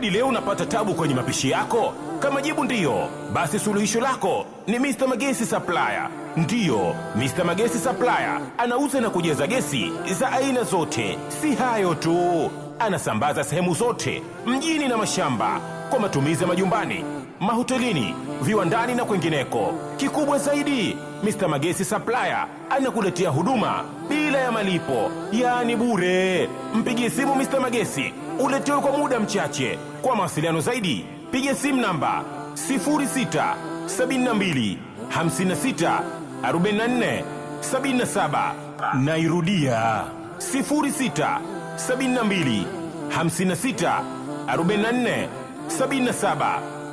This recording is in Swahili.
hadi leo unapata tabu kwenye mapishi yako? Kama jibu ndiyo, basi suluhisho lako ni Mr. Magesi Supplier. Ndiyo, Mr. Magesi Supplier anauza na kujeza gesi za aina zote. Si hayo tu, anasambaza sehemu zote mjini na mashamba kwa matumizi ya majumbani mahotelini, viwandani na kwengineko. Kikubwa zaidi, Mr. Magesi Supplier anakuletea huduma bila ya malipo, yaani bure. Mpigie simu Mr. Magesi uletewe kwa muda mchache. Kwa mawasiliano zaidi, piga simu namba 06 72 56 44 77. Nairudia 06 72 56 44 77.